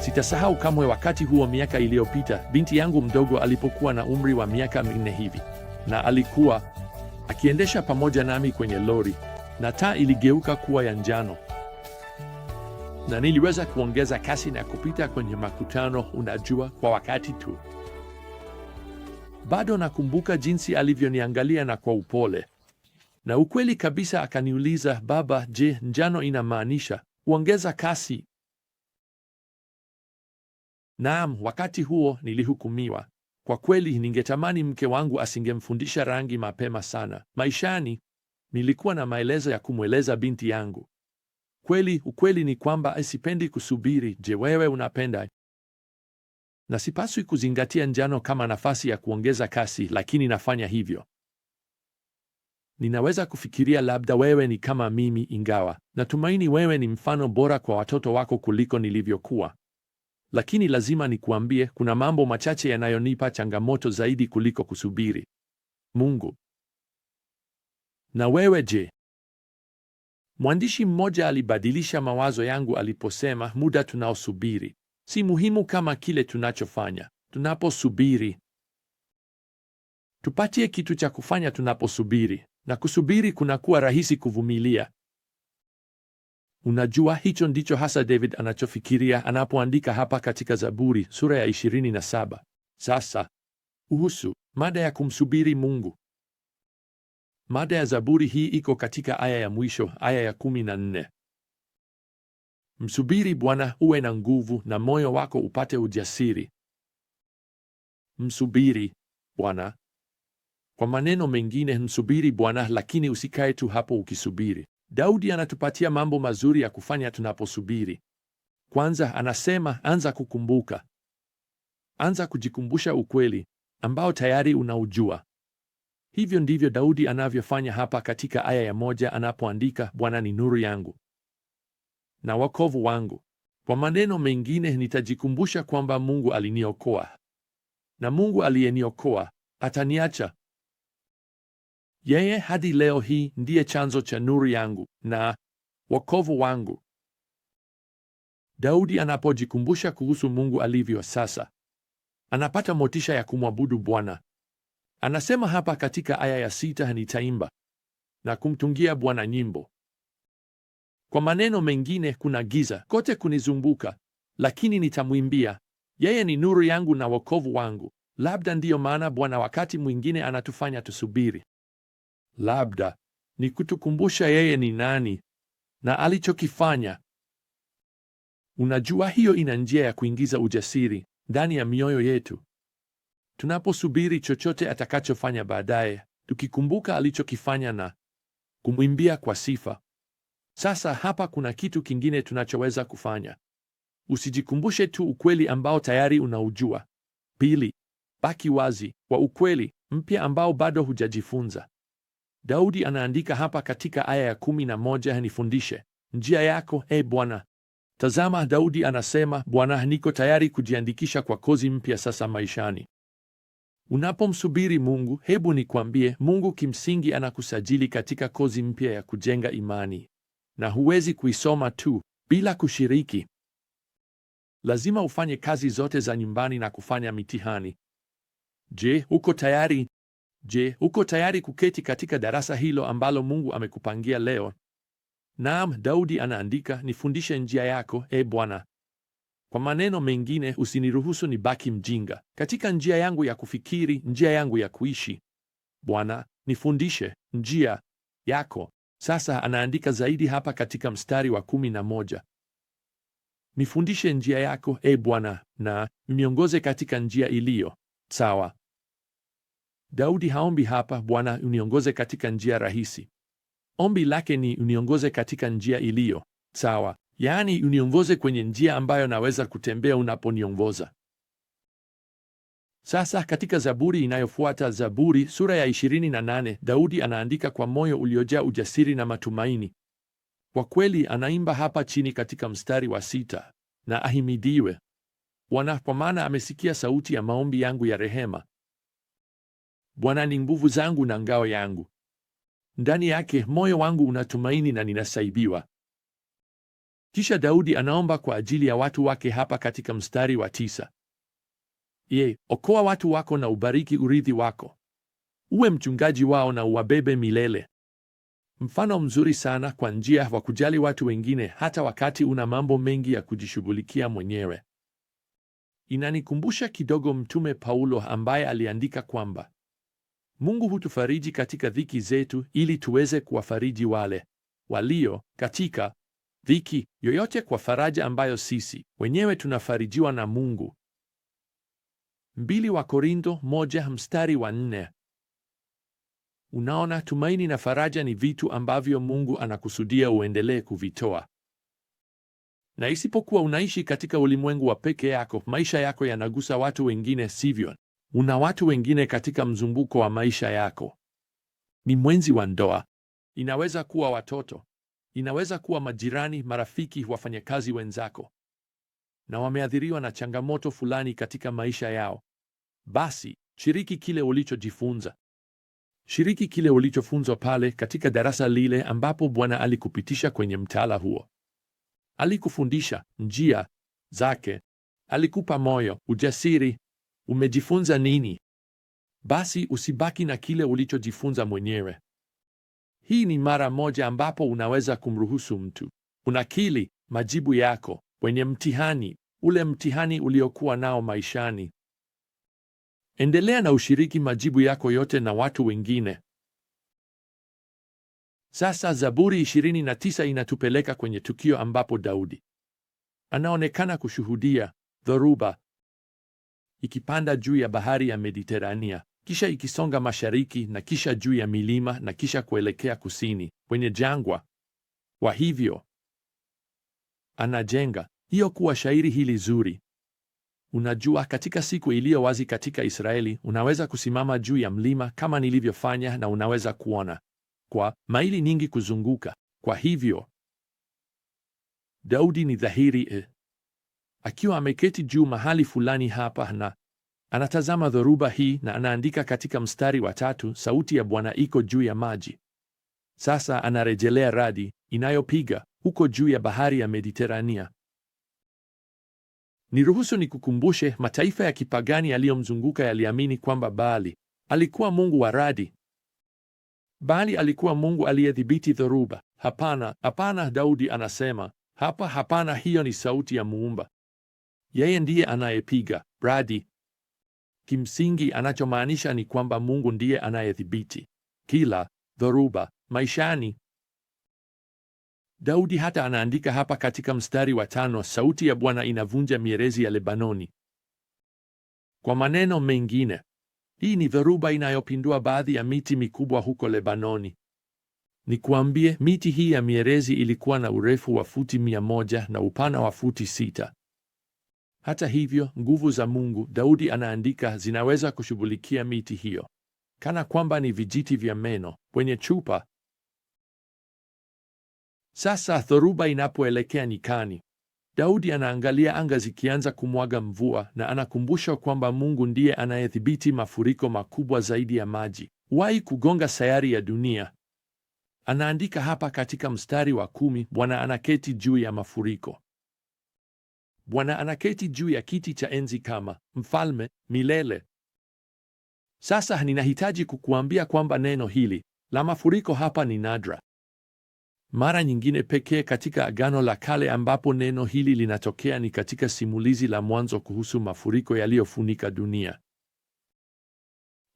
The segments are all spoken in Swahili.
Sitasahau kamwe wakati huo miaka iliyopita, binti yangu mdogo alipokuwa na umri wa miaka minne hivi, na alikuwa akiendesha pamoja nami kwenye lori, na taa iligeuka kuwa ya njano, na niliweza kuongeza kasi na kupita kwenye makutano, unajua, kwa wakati tu. Bado nakumbuka jinsi alivyoniangalia na kwa upole na ukweli kabisa, akaniuliza, "Baba, je, njano inamaanisha kuongeza kasi?" Naam, wakati huo nilihukumiwa. Kwa kweli, ningetamani mke wangu asingemfundisha rangi mapema sana maishani. Nilikuwa na maelezo ya kumweleza binti yangu. Kweli, ukweli ni kwamba sipendi kusubiri. Je, wewe unapenda? Na sipaswi kuzingatia njano kama nafasi ya kuongeza kasi, lakini nafanya hivyo. Ninaweza kufikiria labda wewe ni kama mimi, ingawa natumaini wewe ni mfano bora kwa watoto wako kuliko nilivyokuwa. Lakini lazima nikuambie, kuna mambo machache yanayonipa changamoto zaidi kuliko kusubiri Mungu. Na wewe je? Mwandishi mmoja alibadilisha mawazo yangu aliposema, muda tunaosubiri si muhimu kama kile tunachofanya tunaposubiri. Tupatie kitu cha kufanya tunaposubiri, na kusubiri kunakuwa rahisi kuvumilia. Unajua, hicho ndicho hasa David anachofikiria anapoandika hapa katika Zaburi sura ya 27. Sasa uhusu mada ya kumsubiri Mungu. Mada ya Zaburi hii iko katika aya ya mwisho, aya ya 14. Msubiri Bwana uwe na nguvu, na moyo wako upate ujasiri. Msubiri Bwana. Kwa maneno mengine, msubiri Bwana, lakini usikae tu hapo ukisubiri. Daudi anatupatia mambo mazuri ya kufanya tunaposubiri. Kwanza anasema anza kukumbuka, anza kujikumbusha ukweli ambao tayari unaujua. Hivyo ndivyo Daudi anavyofanya hapa katika aya ya moja anapoandika, Bwana ni nuru yangu na wokovu wangu. Kwa maneno mengine, nitajikumbusha kwamba Mungu aliniokoa na Mungu aliyeniokoa ataniacha. Yeye hadi leo hii ndiye chanzo cha nuru yangu na wokovu wangu. Daudi anapojikumbusha kuhusu Mungu alivyo sasa, anapata motisha ya kumwabudu Bwana. Anasema hapa katika aya ya sita, nitaimba na kumtungia Bwana nyimbo. Kwa maneno mengine, kuna giza kote kunizunguka, lakini nitamwimbia yeye. Ni nuru yangu na wokovu wangu. Labda ndiyo maana Bwana wakati mwingine anatufanya tusubiri labda ni kutukumbusha yeye ni nani na alichokifanya. Unajua, hiyo ina njia ya kuingiza ujasiri ndani ya mioyo yetu tunaposubiri chochote atakachofanya baadaye, tukikumbuka alichokifanya na kumwimbia kwa sifa. Sasa hapa kuna kitu kingine tunachoweza kufanya. Usijikumbushe tu ukweli ambao tayari unaujua. Pili, baki wazi kwa ukweli mpya ambao bado hujajifunza. Daudi anaandika hapa katika aya ya kumi na moja, yaani nifundishe njia yako, e Bwana. Tazama, Daudi anasema, Bwana, niko tayari kujiandikisha kwa kozi mpya sasa maishani. Unapomsubiri Mungu, hebu nikwambie, Mungu kimsingi anakusajili katika kozi mpya ya kujenga imani, na huwezi kuisoma tu bila kushiriki. Lazima ufanye kazi zote za nyumbani na kufanya mitihani. Je, uko tayari? Je, uko tayari kuketi katika darasa hilo ambalo Mungu amekupangia leo? Naam, Daudi anaandika, nifundishe njia yako, e Bwana. Kwa maneno mengine, usiniruhusu nibaki mjinga katika njia yangu ya kufikiri, njia yangu ya kuishi. Bwana, nifundishe njia yako. Sasa anaandika zaidi hapa katika mstari wa kumi na moja nifundishe njia yako, e Bwana, na miongoze katika njia iliyo sawa. Daudi haombi hapa, Bwana, uniongoze katika njia rahisi. Ombi lake ni uniongoze katika njia iliyo sawa, yaani uniongoze kwenye njia ambayo naweza kutembea unaponiongoza. Sasa katika Zaburi inayofuata, Zaburi sura ya 28, Daudi anaandika kwa moyo uliojaa ujasiri na matumaini. Kwa kweli anaimba hapa chini katika mstari wa sita, na ahimidiwe Bwana, kwa maana amesikia sauti ya maombi yangu ya rehema Bwana ni nguvu zangu na ngao yangu, ndani yake moyo wangu unatumaini na ninasaibiwa. Kisha Daudi anaomba kwa ajili ya watu wake hapa katika mstari wa tisa: ye okoa watu wako na ubariki urithi wako, uwe mchungaji wao na uwabebe milele. Mfano mzuri sana kwa njia wa kujali watu wengine hata wakati una mambo mengi ya kujishughulikia mwenyewe. Inanikumbusha kidogo Mtume Paulo ambaye aliandika kwamba Mungu hutufariji katika dhiki zetu ili tuweze kuwafariji wale walio katika dhiki yoyote kwa faraja ambayo sisi wenyewe tunafarijiwa na Mungu. Mbili wa Korintho moja mstari wa nne. Unaona, tumaini na faraja ni vitu ambavyo Mungu anakusudia uendelee kuvitoa, na isipokuwa unaishi katika ulimwengu wa peke yako, maisha yako yanagusa watu wengine, sivyo? una watu wengine katika mzunguko wa maisha yako. Ni mwenzi wa ndoa, inaweza kuwa watoto, inaweza kuwa majirani, marafiki, wafanyakazi wenzako, na wameathiriwa na changamoto fulani katika maisha yao. Basi shiriki kile ulichojifunza, shiriki kile ulichofunzwa pale katika darasa lile ambapo Bwana alikupitisha kwenye mtaala huo. Alikufundisha njia zake, alikupa moyo, ujasiri Umejifunza nini? Basi usibaki na kile ulichojifunza mwenyewe. Hii ni mara moja ambapo unaweza kumruhusu mtu unakili majibu yako kwenye mtihani, ule mtihani uliokuwa nao maishani. Endelea na ushiriki majibu yako yote na watu wengine. Sasa Zaburi 29 inatupeleka kwenye tukio ambapo Daudi anaonekana kushuhudia dhoruba ikipanda juu ya bahari ya Mediterania, kisha ikisonga mashariki na kisha juu ya milima na kisha kuelekea kusini kwenye jangwa. Kwa hivyo anajenga hiyo kuwa shairi hili zuri. Unajua, katika siku iliyo wazi katika Israeli, unaweza kusimama juu ya mlima kama nilivyofanya, na unaweza kuona kwa maili nyingi kuzunguka. Kwa hivyo Daudi ni dhahiri eh, akiwa ameketi juu mahali fulani hapa na anatazama dhoruba hii na anaandika katika mstari wa tatu, sauti ya Bwana iko juu ya maji. Sasa anarejelea radi inayopiga huko juu ya bahari ya Mediterania. Niruhusu nikukumbushe, mataifa ya kipagani yaliyomzunguka yaliamini kwamba Baali alikuwa mungu wa radi. Baali alikuwa mungu aliyedhibiti dhoruba. Hapana, hapana, Daudi anasema hapa. Hapana, hiyo ni sauti ya muumba yeye ndiye anayepiga bradi Kimsingi anachomaanisha ni kwamba Mungu ndiye anayethibiti kila dhoruba maishani. Daudi hata anaandika hapa katika mstari wa tano, sauti ya Bwana inavunja mierezi ya Lebanoni. Kwa maneno mengine, hii ni dhoruba inayopindua baadhi ya miti mikubwa huko Lebanoni. Nikuambie, miti hii ya mierezi ilikuwa na urefu wa futi mia moja na upana wa futi sita hata hivyo, nguvu za Mungu, Daudi anaandika, zinaweza kushughulikia miti hiyo kana kwamba ni vijiti vya meno kwenye chupa. Sasa dhoruba inapoelekea nyikani, Daudi anaangalia anga zikianza kumwaga mvua, na anakumbusha kwamba Mungu ndiye anayedhibiti mafuriko makubwa zaidi ya maji wahi kugonga sayari ya dunia. Anaandika hapa katika mstari wa kumi, Bwana anaketi juu ya mafuriko Bwana anaketi juu ya kiti cha enzi kama mfalme milele. Sasa ninahitaji kukuambia kwamba neno hili la mafuriko hapa ni nadra. Mara nyingine pekee katika Agano la Kale ambapo neno hili linatokea ni katika simulizi la Mwanzo kuhusu mafuriko yaliyofunika dunia.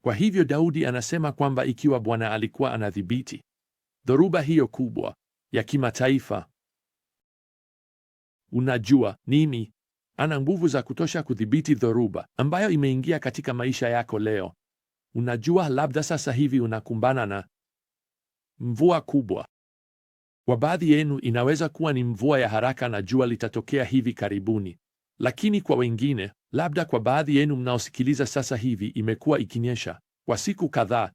Kwa hivyo Daudi anasema kwamba ikiwa Bwana alikuwa anadhibiti dhoruba hiyo kubwa ya kimataifa, Unajua nini? Ana nguvu za kutosha kudhibiti dhoruba ambayo imeingia katika maisha yako leo. Unajua, labda sasa hivi unakumbana na mvua kubwa. Kwa baadhi yenu inaweza kuwa ni mvua ya haraka na jua litatokea hivi karibuni, lakini kwa wengine, labda kwa baadhi yenu mnaosikiliza sasa hivi, imekuwa ikinyesha kwa siku kadhaa,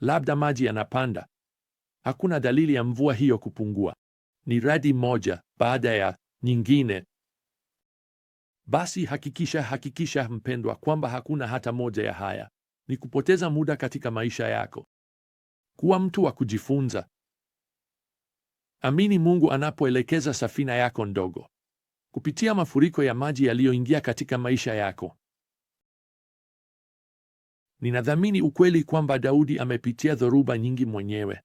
labda maji yanapanda. Hakuna dalili ya mvua hiyo kupungua ni radi moja baada ya nyingine. Basi hakikisha hakikisha, mpendwa, kwamba hakuna hata moja ya haya ni kupoteza muda katika maisha yako. Kuwa mtu wa kujifunza. Amini Mungu anapoelekeza safina yako ndogo kupitia mafuriko ya maji yaliyoingia katika maisha yako. Ninadhamini ukweli kwamba Daudi amepitia dhoruba nyingi mwenyewe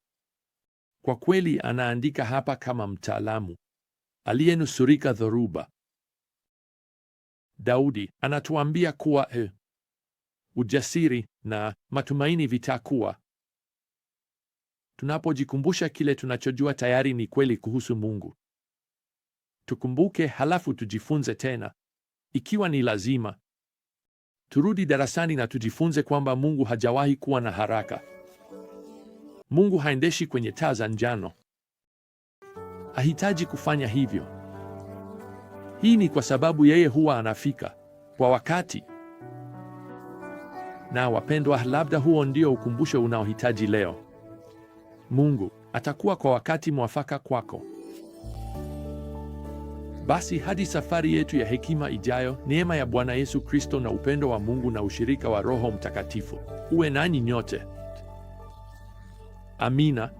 kwa kweli anaandika hapa kama mtaalamu aliyenusurika dhoruba. Daudi anatuambia kuwa he, ujasiri na matumaini vitakuwa. Tunapojikumbusha kile tunachojua tayari ni kweli kuhusu Mungu, tukumbuke, halafu tujifunze tena ikiwa ni lazima. Turudi darasani na tujifunze kwamba Mungu hajawahi kuwa na haraka. Mungu haendeshi kwenye taa za njano, hahitaji kufanya hivyo. Hii ni kwa sababu yeye huwa anafika kwa wakati. Na wapendwa, labda huo ndio ukumbusho unaohitaji leo. Mungu atakuwa kwa wakati mwafaka kwako. Basi hadi safari yetu ya hekima ijayo, neema ya Bwana Yesu Kristo na upendo wa Mungu na ushirika wa Roho Mtakatifu uwe nanyi nyote. Amina